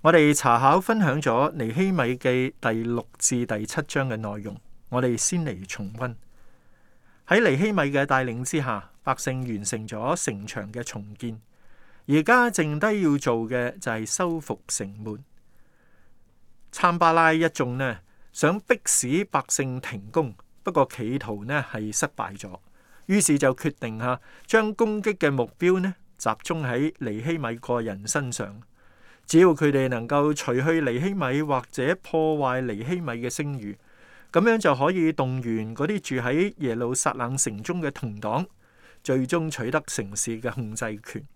我哋查考分享咗尼希米記第六至第七章嘅內容，我哋先嚟重温。喺尼希米嘅帶領之下，百姓完成咗城牆嘅重建，而家剩低要做嘅就係修復城門。參巴拉一眾呢，想迫使百姓停工，不過企圖呢係失敗咗，於是就決定吓將攻擊嘅目標呢集中喺尼希米個人身上。只要佢哋能夠除去尼希米或者破壞尼希米嘅聲譽，咁樣就可以動員嗰啲住喺耶路撒冷城中嘅同黨，最終取得城市嘅控制權。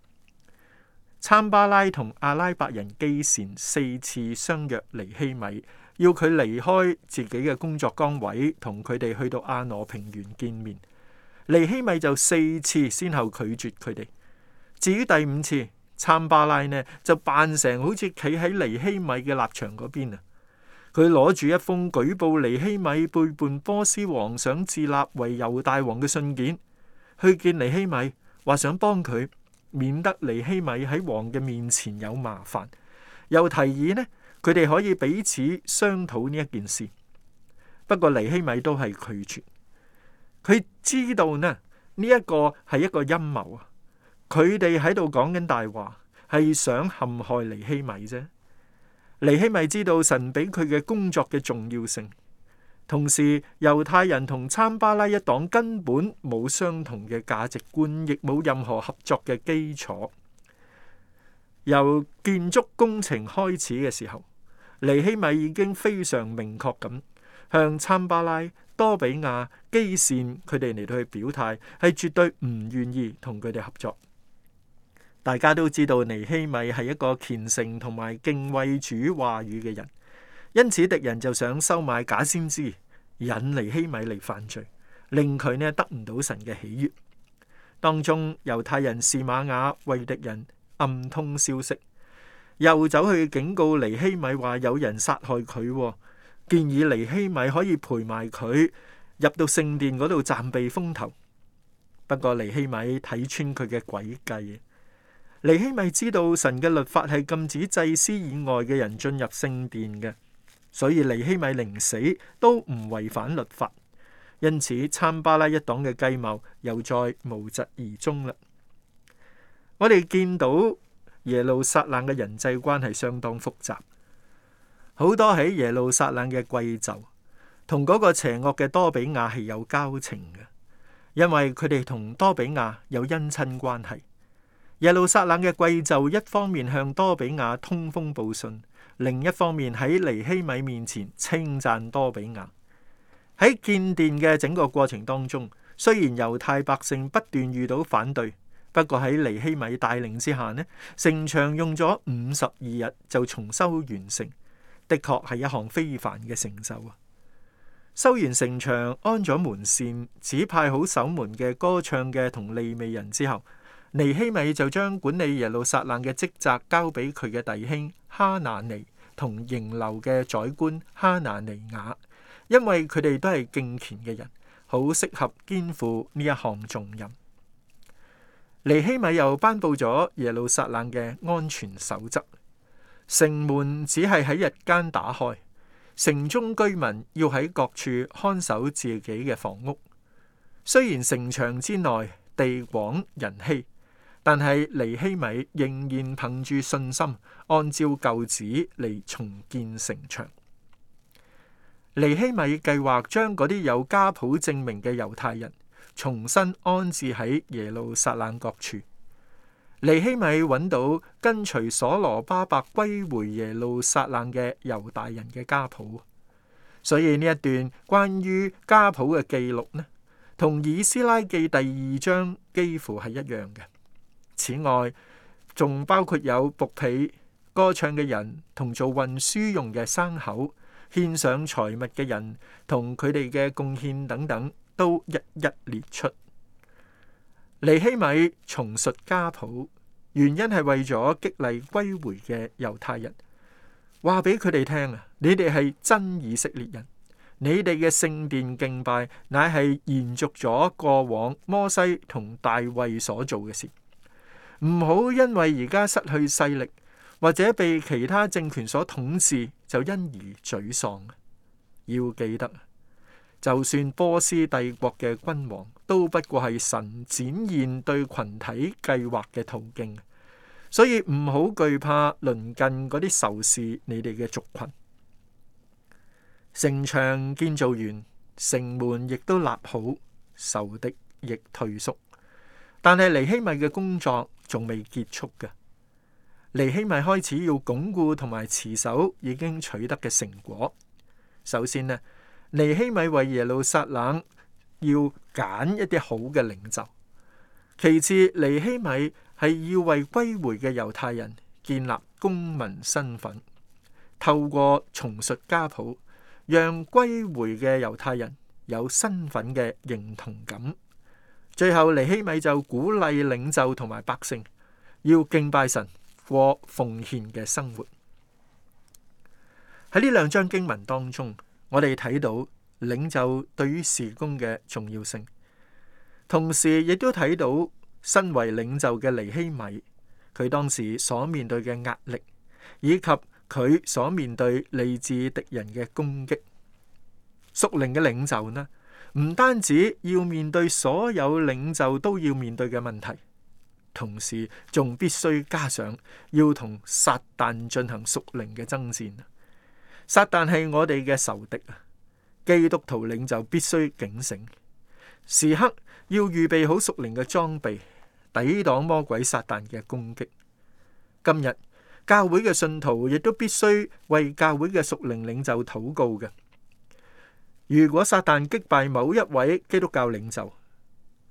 參巴拉同阿拉伯人基善四次相約尼希米，要佢離開自己嘅工作崗位，同佢哋去到阿挪平原見面。尼希米就四次先後拒絕佢哋。至於第五次，參巴拉呢就扮成好似企喺尼希米嘅立場嗰邊啊，佢攞住一封舉報尼希米背叛波斯王想自立為猶大王嘅信件，去見尼希米，話想幫佢，免得尼希米喺王嘅面前有麻煩，又提議呢佢哋可以彼此商討呢一件事。不過尼希米都係拒絕，佢知道呢呢一個係一個陰謀啊。佢哋喺度講緊大話，係想陷害尼希米啫。尼希米知道神俾佢嘅工作嘅重要性，同時猶太人同參巴拉一黨根本冇相同嘅價值觀，亦冇任何合作嘅基礎。由建築工程開始嘅時候，尼希米已經非常明確咁向參巴拉、多比亞、基善佢哋嚟到去表態，係絕對唔願意同佢哋合作。大家都知道尼希米係一個虔誠同埋敬畏主話語嘅人，因此敵人就想收買假先知，引尼希米嚟犯罪，令佢呢得唔到神嘅喜悅。當中猶太人示瑪雅為敵人暗通消息，又走去警告尼希米話有人殺害佢，建議尼希米可以陪埋佢入到聖殿嗰度暫避風頭。不過尼希米睇穿佢嘅詭計。尼希米知道神嘅律法係禁止祭司以外嘅人進入聖殿嘅，所以尼希米寧死都唔違反律法，因此參巴拉一黨嘅計謀又再無疾而終啦。我哋見到耶路撒冷嘅人際關係相當複雜，好多喺耶路撒冷嘅貴族同嗰個邪惡嘅多比亞係有交情嘅，因為佢哋同多比亞有姻親關係。耶路撒冷嘅貴胄一方面向多比亞通風報信，另一方面喺尼希米面前稱讚多比亞。喺建殿嘅整個過程當中，雖然猶太百姓不斷遇到反對，不過喺尼希米帶領之下呢，城牆用咗五十二日就重修完成，的確係一項非凡嘅成就啊！修完城牆，安咗門扇，指派好守門嘅歌唱嘅同利未人之後。尼希米就將管理耶路撒冷嘅職責交俾佢嘅弟兄哈拿尼同營樓嘅宰官哈拿尼亞，因為佢哋都係敬虔嘅人，好適合肩負呢一項重任。尼希米又頒布咗耶路撒冷嘅安全守則，城門只係喺日間打開，城中居民要喺各處看守自己嘅房屋。雖然城牆之內地廣人稀，但係尼希米仍然憑住信心，按照舊址嚟重建城牆。尼希米計劃將嗰啲有家譜證明嘅猶太人重新安置喺耶路撒冷各處。尼希米揾到跟隨所羅巴伯歸回耶路撒冷嘅猶大人嘅家譜，所以呢一段關於家譜嘅記錄呢，同以斯拉記第二章幾乎係一樣嘅。此外，仲包括有僕婢歌唱嘅人，同做運輸用嘅牲口，獻上財物嘅人，同佢哋嘅貢獻等等，都一一列出。尼希米重述家譜，原因係為咗激勵歸回嘅猶太人，話俾佢哋聽啊：你哋係真以色列人，你哋嘅聖殿敬拜乃係延續咗過往摩西同大衛所做嘅事。唔好因為而家失去勢力或者被其他政權所統治，就因而沮喪。要記得，就算波斯帝國嘅君王都不過係神展現對群體計劃嘅途徑，所以唔好懼怕鄰近嗰啲仇視你哋嘅族群。城牆建造完，城門亦都立好，仇敵亦退縮，但係尼希米嘅工作，仲未結束嘅，尼希米開始要鞏固同埋持守已經取得嘅成果。首先呢，尼希米為耶路撒冷要揀一啲好嘅領袖；其次，尼希米係要為歸回嘅猶太人建立公民身份，透過重述家譜，讓歸回嘅猶太人有身份嘅認同感。最後，尼希米就鼓勵領袖同埋百姓要敬拜神、過奉獻嘅生活。喺呢兩章經文當中，我哋睇到領袖對於事工嘅重要性，同時亦都睇到身為領袖嘅尼希米，佢當時所面對嘅壓力，以及佢所面對嚟自敵人嘅攻擊。屬靈嘅領袖呢，唔單止要面對所有領袖都要面對嘅問題，同時仲必須加上要同撒旦進行屬靈嘅爭戰。撒旦係我哋嘅仇敵啊！基督徒領袖必須警醒，時刻要預備好屬靈嘅裝備，抵擋魔鬼撒旦嘅攻擊。今日，教會嘅信徒亦都必須為教會嘅屬靈領袖禱告嘅。如果撒旦擊敗某一位基督教領袖，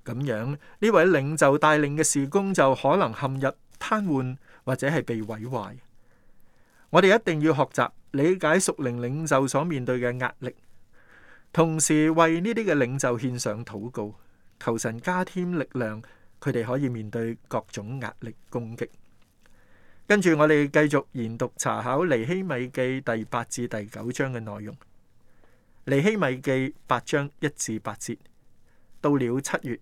咁樣呢位領袖帶領嘅事工就可能陷入癱瘓或者係被毀壞。我哋一定要學習理解屬靈領袖所面對嘅壓力，同時為呢啲嘅領袖獻上禱告，求神加添力量，佢哋可以面對各種壓力攻擊。跟住我哋繼續研讀查考尼希米記第八至第九章嘅內容。尼希米記八章一至八節，到了七月，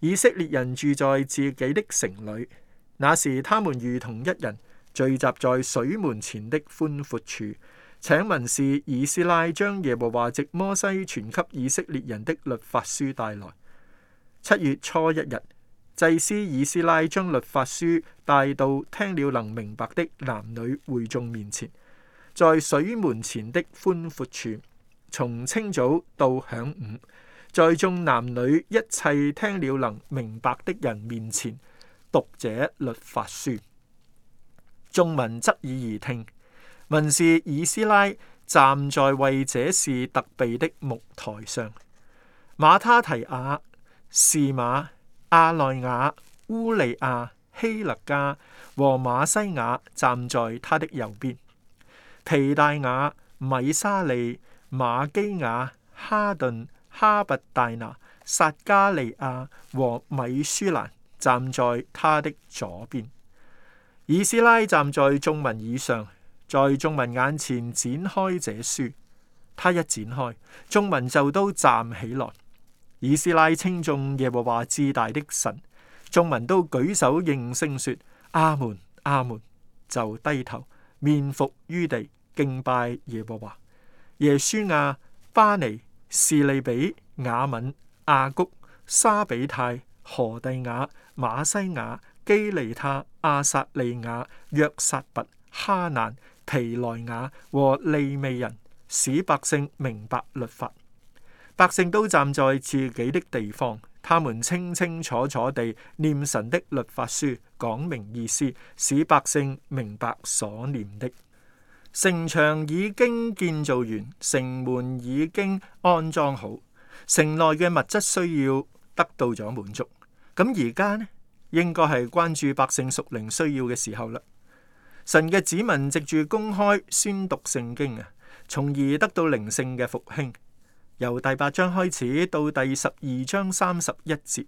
以色列人住在自己的城裏。那時，他們如同一人聚集在水門前的寬闊處，請文士以斯拉將耶和華藉摩西傳給以色列人的律法書帶來。七月初一日，祭司以斯拉將律法書帶到聽了能明白的男女會眾面前，在水門前的寬闊處。從清早到晌午，在眾男女一切聽了能明白的人面前讀這律法書，眾民側耳而聽。文士以斯拉站在為這事特備的木台上，馬他提亞、士馬、阿奈亞、烏利亞、希勒加和馬西雅站在他的右邊，皮大雅、米沙利。瑪基亞、哈頓、哈拔大拿、撒加利亞和米舒蘭站在他的左邊，以斯拉站在眾民以上，在眾民眼前展開這書。他一展開，眾民就都站起來。以斯拉稱頌耶和華至大的神，眾民都舉手應聲說：阿門，阿門！就低頭面伏於地敬拜耶和華。耶書亞、巴尼、士利比、雅敏、亞谷、沙比泰、荷地雅、馬西亞、基利他、阿撒利亞、約撒拔、哈南、皮萊雅和利未人，使百姓明白律法。百姓都站在自己的地方，他們清清楚楚地念神的律法書，講明意思，使百姓明白所念的。城牆已經建造完，城門已經安裝好，城內嘅物質需要得到咗滿足。咁而家呢，應該係關注百姓屬靈需要嘅時候啦。神嘅子民藉住公開宣讀聖經啊，從而得到靈性嘅復興。由第八章開始到第十二章三十一節，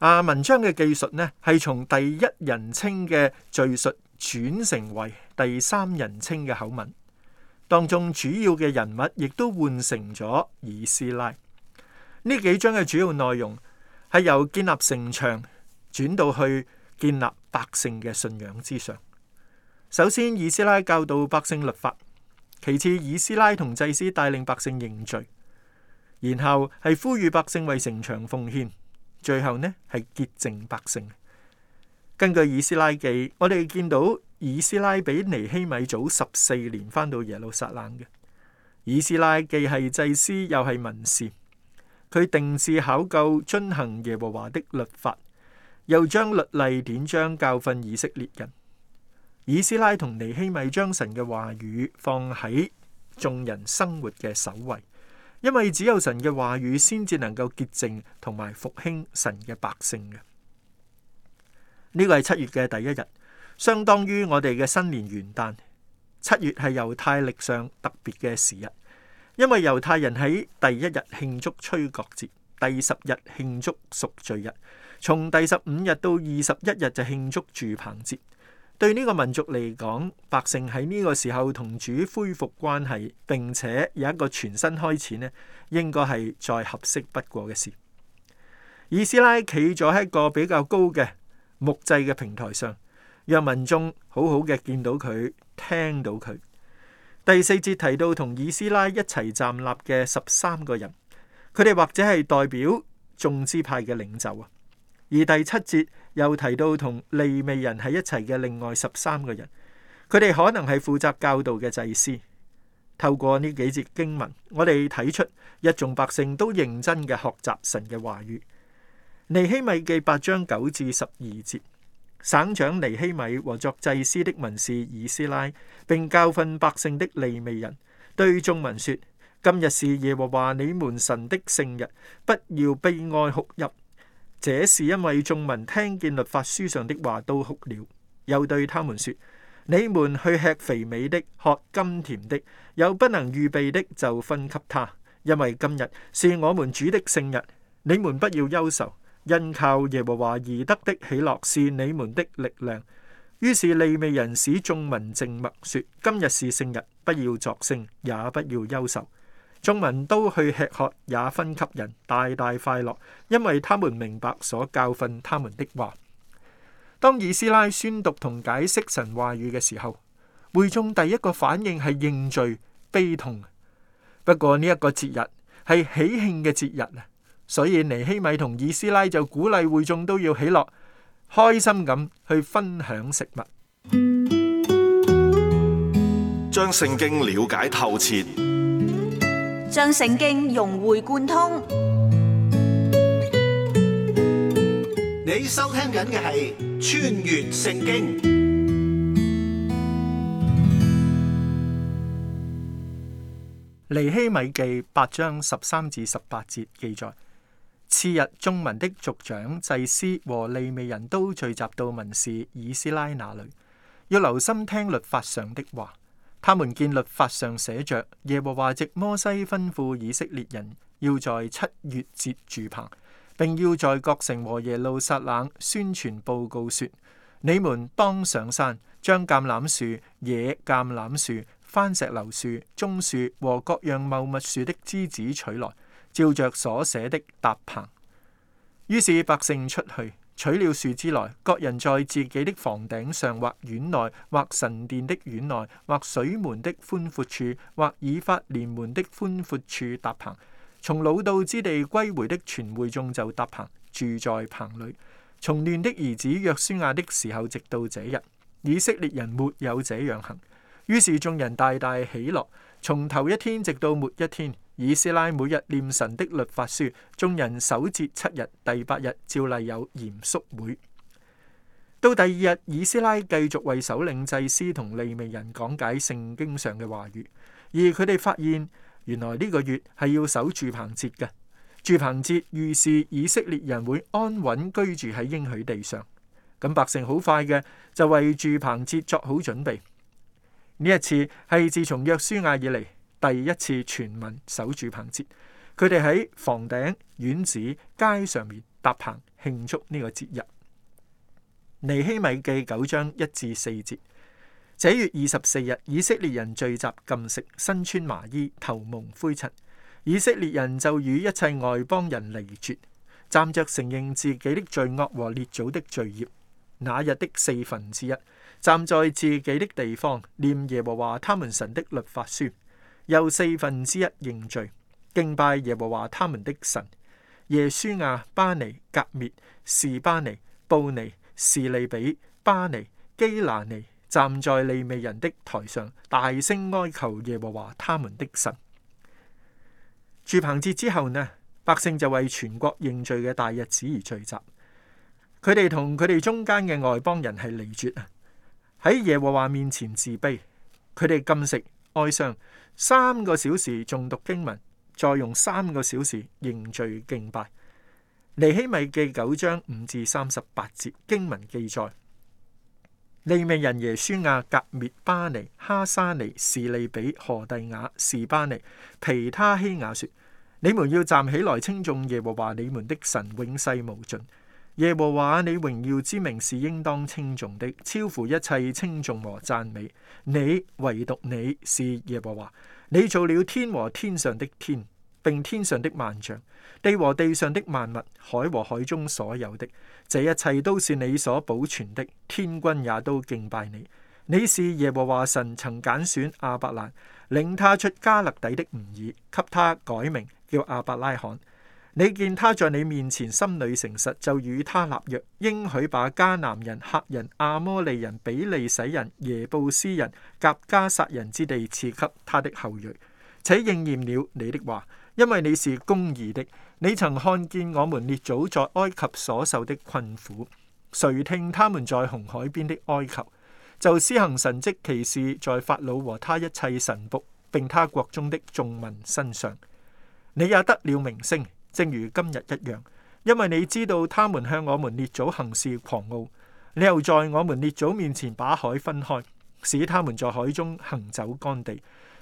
啊，文章嘅技術呢，係從第一人稱嘅敘述，轉成為第三人稱嘅口吻，當中主要嘅人物亦都換成咗以斯拉。呢幾章嘅主要內容係由建立城牆轉到去建立百姓嘅信仰之上。首先，以斯拉教導百姓律法；其次，以斯拉同祭司帶領百姓認罪；然後係呼籲百姓為城牆奉獻；最後呢，係潔淨百姓。根據以斯拉記，我哋見到以斯拉比尼希米早十四年翻到耶路撒冷嘅。以斯拉既係祭司又係文士，佢定志考究遵行耶和華的律法，又將律例典章教訓以色列人。以斯拉同尼希米將神嘅話語放喺眾人生活嘅首位，因為只有神嘅話語先至能夠潔淨同埋復興神嘅百姓嘅。呢個係七月嘅第一日，相當於我哋嘅新年元旦。七月係猶太歷上特別嘅時日，因為猶太人喺第一日慶祝吹角節，第十日慶祝贖，贖罪日，從第十五日到二十一日就慶祝住棚節。對呢個民族嚟講，百姓喺呢個時候同主恢復關係，並且有一個全新開始，呢應該係再合適不過嘅事。以斯拉企咗喺一個比較高嘅。木製嘅平台上，讓民眾好好嘅見到佢，聽到佢。第四節提到同以斯拉一齊站立嘅十三個人，佢哋或者係代表眾支派嘅領袖啊。而第七節又提到同利未人喺一齊嘅另外十三個人，佢哋可能係負責教導嘅祭司。透過呢幾節經文，我哋睇出一眾百姓都認真嘅學習神嘅話語。尼希米記八章九至十二節，省長尼希米和作祭司的文士以斯拉，並教訓百姓的利未人對眾民說：今日是耶和華你們神的聖日，不要悲哀哭泣。這是因為眾民聽見律法書上的話，都哭了。又對他們說：你們去吃肥美的，喝甘甜的，有不能預備的就分給他，因為今日是我們主的聖日，你們不要憂愁。因靠耶和華而得的喜樂是你們的力量。於是利未人使眾民靜默，說：今日是聖日，不要作聲，也不要憂愁。眾民都去吃喝，也分給人，大大快樂，因為他們明白所教訓他們的話。當以斯拉宣讀同解釋神話語嘅時候，會眾第一個反應係認罪悲痛。不過呢一個節日係喜慶嘅節日。所以尼希米同以斯拉就鼓勵會眾都要喜樂，開心咁去分享食物。將聖經了解透徹，將聖經融會貫通。你收聽緊嘅係《穿越聖經》。尼希米記八章十三至十八節記載。次日，眾民的族長、祭司和利未人都聚集到文士以斯拉那裏，要留心聽律法上的話。他們見律法上寫着耶和華藉摩西吩咐以色列人要在七月節住棚，並要在各城和耶路撒冷宣傳報告說：你們當上山，將橄欖樹、野橄欖樹、番石榴樹、棕樹和各樣茂密樹的枝子取來。照着所寫的搭棚，於是百姓出去取了樹枝來，各人在自己的房頂上、或院內、或神殿的院內、或水門的寬闊處、或以法蓮門的寬闊處搭棚。從擄到之地歸回的全會眾就搭棚，住在棚裏。從嫩的兒子約書亞的時候直到這日，以色列人沒有這樣行。於是眾人大大喜樂，從頭一天直到末一天。以斯拉每日念神的律法書，眾人守節七日，第八日照例有嚴肅會。到第二日，以斯拉繼續為首領祭司同利未人講解聖經上嘅話語，而佢哋發現原來呢個月係要守住棚節嘅。住棚節預示以色列人會安穩居住喺應許地上，咁百姓好快嘅就為住棚節作好準備。呢一次係自從約書亞以嚟。第一次全民守住棚節，佢哋喺房頂、院子、街上面搭棚慶祝呢個節日。尼希米記九章一至四節，這月二十四日，以色列人聚集，禁食，身穿麻衣，頭蒙灰塵。以色列人就與一切外邦人離絕，站着承認自己的罪惡和列祖的罪孽。那日的四分之一站在自己的地方念耶和華他們神的律法書。又四分之一認罪，敬拜耶和華他們的神。耶書亞、巴尼、革滅、士巴尼、布尼、士利比、巴尼、基拿尼站在利未人的臺上，大聲哀求耶和華他們的神。住棚節之後呢，百姓就為全國認罪嘅大日子而聚集。佢哋同佢哋中間嘅外邦人係離絕啊，喺耶和華面前自卑，佢哋禁食哀傷。三個小時誦讀經文，再用三個小時認罪敬拜。尼希米記九章五至三十八節經文記載：利未人耶書亞、革滅巴尼、哈沙尼、士利比、荷弟雅、士巴尼、皮他希亞說：你們要站起來稱頌耶和華你們的神，永世無盡。耶和華，你榮耀之名是應當稱頌的，超乎一切稱頌和讚美。你唯獨你是耶和華，你造了天和天上的天，並天上的萬象；地和地上的萬物，海和海中所有的，這一切都是你所保存的。天軍也都敬拜你。你是耶和華神，曾揀選亞伯蘭，領他出加勒底的吾珥，給他改名叫亞伯拉罕。你見他在你面前心裏誠實，就與他立約，應許把迦南人、赫人、亞摩利人、比利洗人、耶布斯人、革迦撒人之地賜給他的後裔，且應驗了你的話，因為你是公義的。你曾看見我們列祖在埃及所受的困苦，垂聽他們在紅海邊的哀求，就施行神蹟奇事在法老和他一切臣僕，並他國中的眾民身上。你也得了名聲。正如今日一樣，因為你知道他們向我們列祖行事狂傲，你又在我們列祖面前把海分開，使他們在海中行走乾地，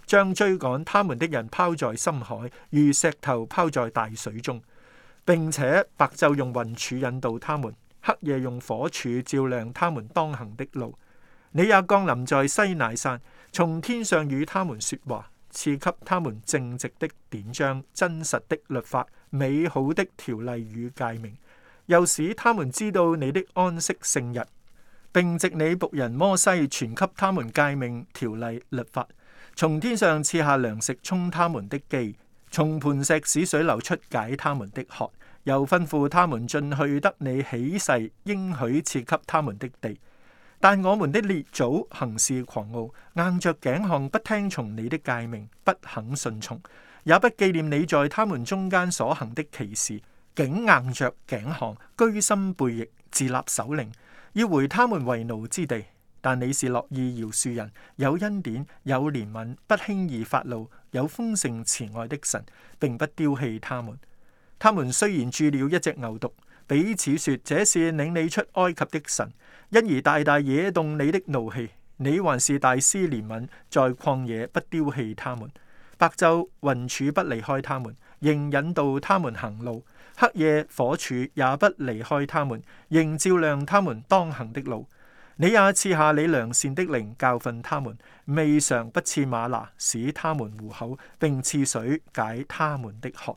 將追趕他們的人拋在深海，如石頭拋在大水中。並且白晝用雲柱引導他們，黑夜用火柱照亮他們當行的路。你也降臨在西乃山，從天上與他們說話，賜給他們正直的典章、真實的律法。美好的條例與誡命，又使他們知道你的安息聖日。並藉你僕人摩西傳給他們誡命、條例、律法。從天上賜下糧食充他們的飢，從磐石使水流出解他們的渴。又吩咐他們進去得你起誓應許賜給他們的地。但我們的列祖行事狂傲，硬着頸項不聽從你的誡命，不肯順從。也不紀念你在他們中間所行的奇事，竟硬着頸項，居心背逆，自立首領，要回他們為奴之地。但你是樂意饒恕人，有恩典，有憐憫，不輕易發怒，有豐盛慈愛的神，並不丟棄他們。他們雖然住了一隻牛犢，彼此說：這是領你出埃及的神。因而大大惹動你的怒氣，你還是大施憐憫，在曠野不丟棄他們。白晝雲柱不離開他們，仍引導他們行路；黑夜火柱也不離開他們，仍照亮他們當行的路。你也賜下你良善的靈教訓他們，未嘗不賜馬拿使他們糊口，並賜水解他們的渴。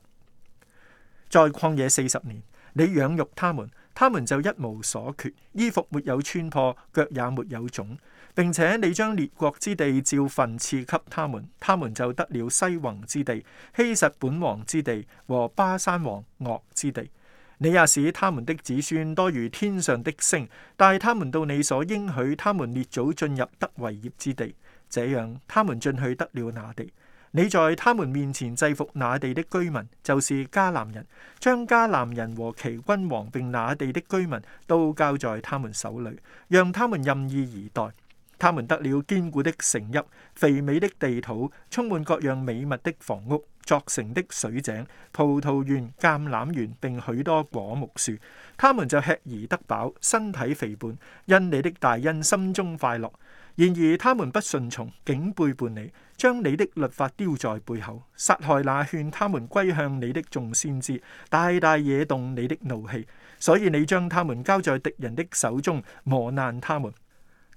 在曠野四十年，你養育他們，他們就一無所缺，衣服沒有穿破，腳也沒有腫。並且你將列國之地照份賜給他們，他們就得了西宏之地、希實本王之地和巴山王岳之地。你也使他們的子孫多如天上的星，帶他們到你所應許他們列祖進入得為業之地。這樣他們進去得了那地。你在他們面前制服那地的居民，就是迦南人，將迦南人和其君王並那地的居民都交在他們手裏，讓他們任意而待。他們得了堅固的城邑、肥美的地土、充滿各樣美物的房屋、鑿成的水井、葡萄園、橄欖園，並許多果木樹。他們就吃而得飽，身體肥胖，因你的大恩，心中快樂。然而他們不順從，竟背叛你，將你的律法丟在背後，殺害那勸他們歸向你的眾先知，大大惹動你的怒氣。所以你將他們交在敵人的手中，磨難他們。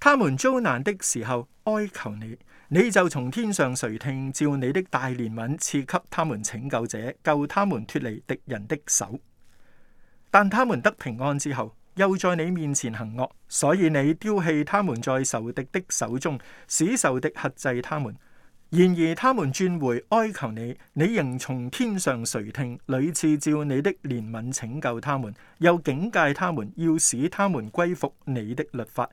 他們遭難的時候哀求你，你就從天上垂聽，照你的大憐憫賜給他們拯救者，救他們脫離敵人的手。但他們得平安之後，又在你面前行惡，所以你丟棄他們在仇敵的手中，使仇敵轄制他們。然而他們轉回哀求你，你仍從天上垂聽，屢次照你的憐憫拯救他們，又警戒他們，要使他們歸服你的律法。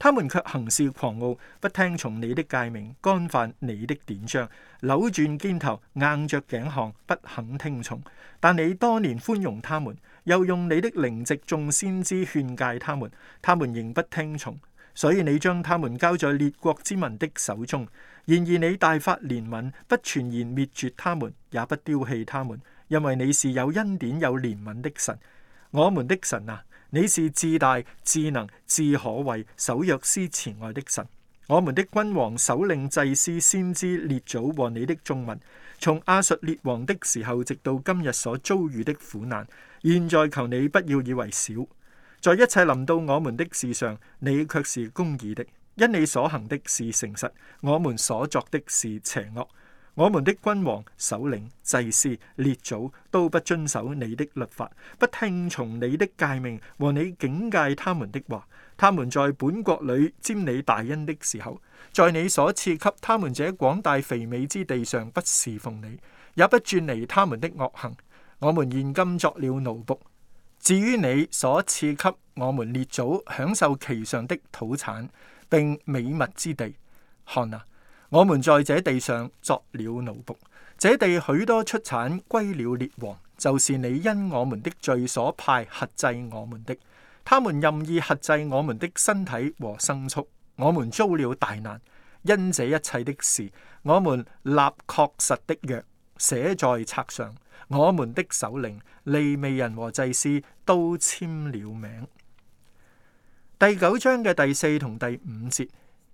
他們卻行事狂傲，不聽從你的誡命，干犯你的典章，扭轉肩頭，硬着頸項，不肯聽從。但你多年寬容他們，又用你的靈藉眾先知勸誡他們，他們仍不聽從。所以你將他們交在列國之民的手中。然而你大發憐憫，不全然滅絕他們，也不丟棄他們，因為你是有恩典有憐憫的神，我們的神啊！你是至大、至能、至可畏、守約施慈愛的神。我們的君王、首領、祭司、先知、列祖和你的眾民，從亞述列王的時候直到今日所遭遇的苦難，現在求你不要以為少。在一切臨到我們的事上，你卻是公義的，因你所行的是誠實，我們所作的是邪惡。我們的君王、首領、祭司、列祖都不遵守你的律法，不聽從你的誡命和你警戒他們的話。他們在本國裏沾你大恩的時候，在你所賜給他們這廣大肥美之地上，不侍奉你，也不轉離他們的惡行。我們現今作了奴僕。至於你所賜給我們列祖享受其上的土產並美物之地，看啊！我們在這地上作了奴僕，這地許多出產歸了列王，就是你因我們的罪所派轄制我們的。他們任意轄制我們的身體和牲畜，我們遭了大難。因這一切的事，我們立確實的約，寫在冊上。我們的首領、利未人和祭司都簽了名。第九章嘅第四同第五節。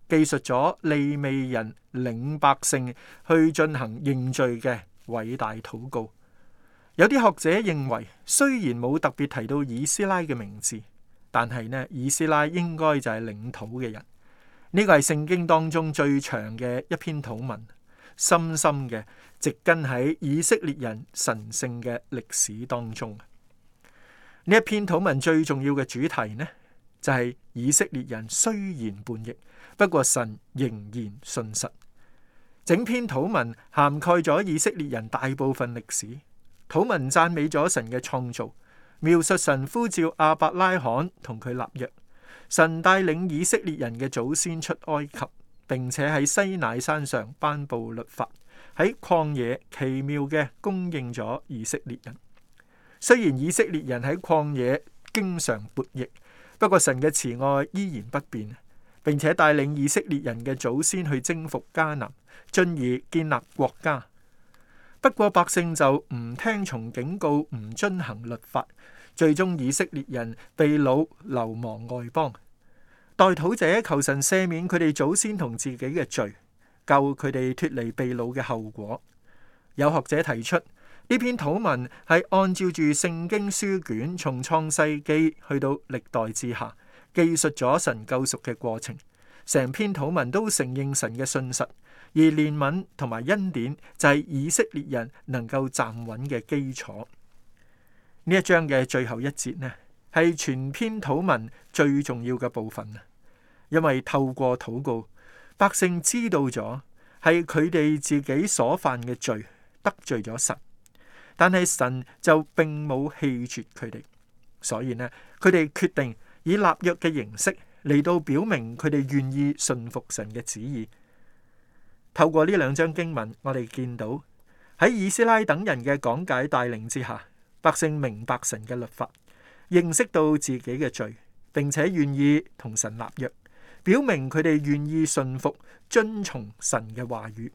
記述咗利未人領百姓去進行認罪嘅偉大禱告。有啲學者認為，雖然冇特別提到以斯拉嘅名字，但係呢，以斯拉應該就係領土嘅人。呢個係聖經當中最長嘅一篇禱文，深深嘅植根喺以色列人神聖嘅歷史當中。呢一篇禱文最重要嘅主題呢，就係以色列人雖然叛逆，不過神仍然信實，整篇土文涵蓋咗以色列人大部分歷史。土文讚美咗神嘅創造，描述神呼召亞伯拉罕同佢立約，神帶領以色列人嘅祖先出埃及，並且喺西奈山上頒布律法，喺曠野奇妙嘅供應咗以色列人。雖然以色列人喺曠野經常叛逆，不過神嘅慈愛依然不變。並且帶領以色列人嘅祖先去征服迦南，進而建立國家。不過百姓就唔聽從警告，唔遵行律法，最終以色列人被擄流亡外邦。代禱者求神赦免佢哋祖先同自己嘅罪，救佢哋脫離被擄嘅後果。有學者提出呢篇禱文係按照住聖經書卷從創世記去到歷代志下。記述咗神救贖嘅過程，成篇土文都承認神嘅信實，而憐憫同埋恩典就係以色列人能夠站穩嘅基礎。呢一章嘅最後一節呢，係全篇土文最重要嘅部分啊，因為透過禱告，百姓知道咗係佢哋自己所犯嘅罪，得罪咗神，但係神就並冇棄絕佢哋，所以呢，佢哋決定。以立約嘅形式嚟到表明佢哋願意信服神嘅旨意。透過呢兩章經文，我哋見到喺以斯拉等人嘅講解帶領之下，百姓明白神嘅律法，認識到自己嘅罪，並且願意同神立約，表明佢哋願意信服、遵從神嘅話語。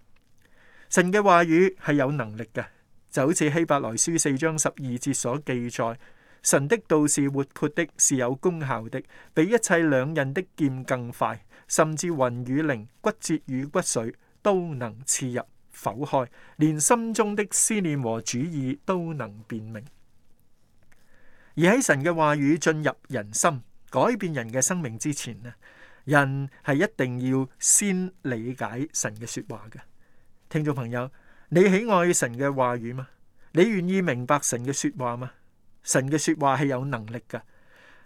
神嘅話語係有能力嘅，就好似希伯來書四章十二節所記載。神的道是活潑的，是有功效的，比一切兩刃的劍更快，甚至魂與靈、骨節與骨髓都能刺入、剖開，連心中的思念和主意都能辨明。而喺神嘅話語進入人心、改變人嘅生命之前呢，人係一定要先理解神嘅說話嘅。聽眾朋友，你喜愛神嘅話語嗎？你願意明白神嘅說話嗎？神嘅說話係有能力㗎，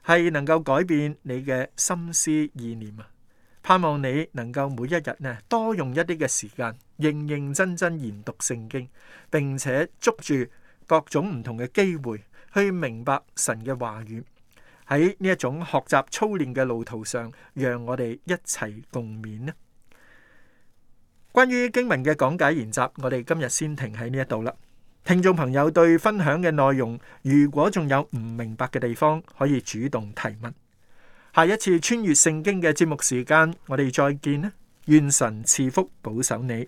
係能夠改變你嘅心思意念啊！盼望你能夠每一日呢，多用一啲嘅時間，認認真真研讀聖經，並且捉住各種唔同嘅機會，去明白神嘅話語。喺呢一種學習操練嘅路途上，讓我哋一齊共勉呢。關於經文嘅講解研習，我哋今日先停喺呢一度啦。聽眾朋友對分享嘅內容，如果仲有唔明白嘅地方，可以主動提問。下一次穿越聖經嘅節目時間，我哋再見啦！願神賜福保守你。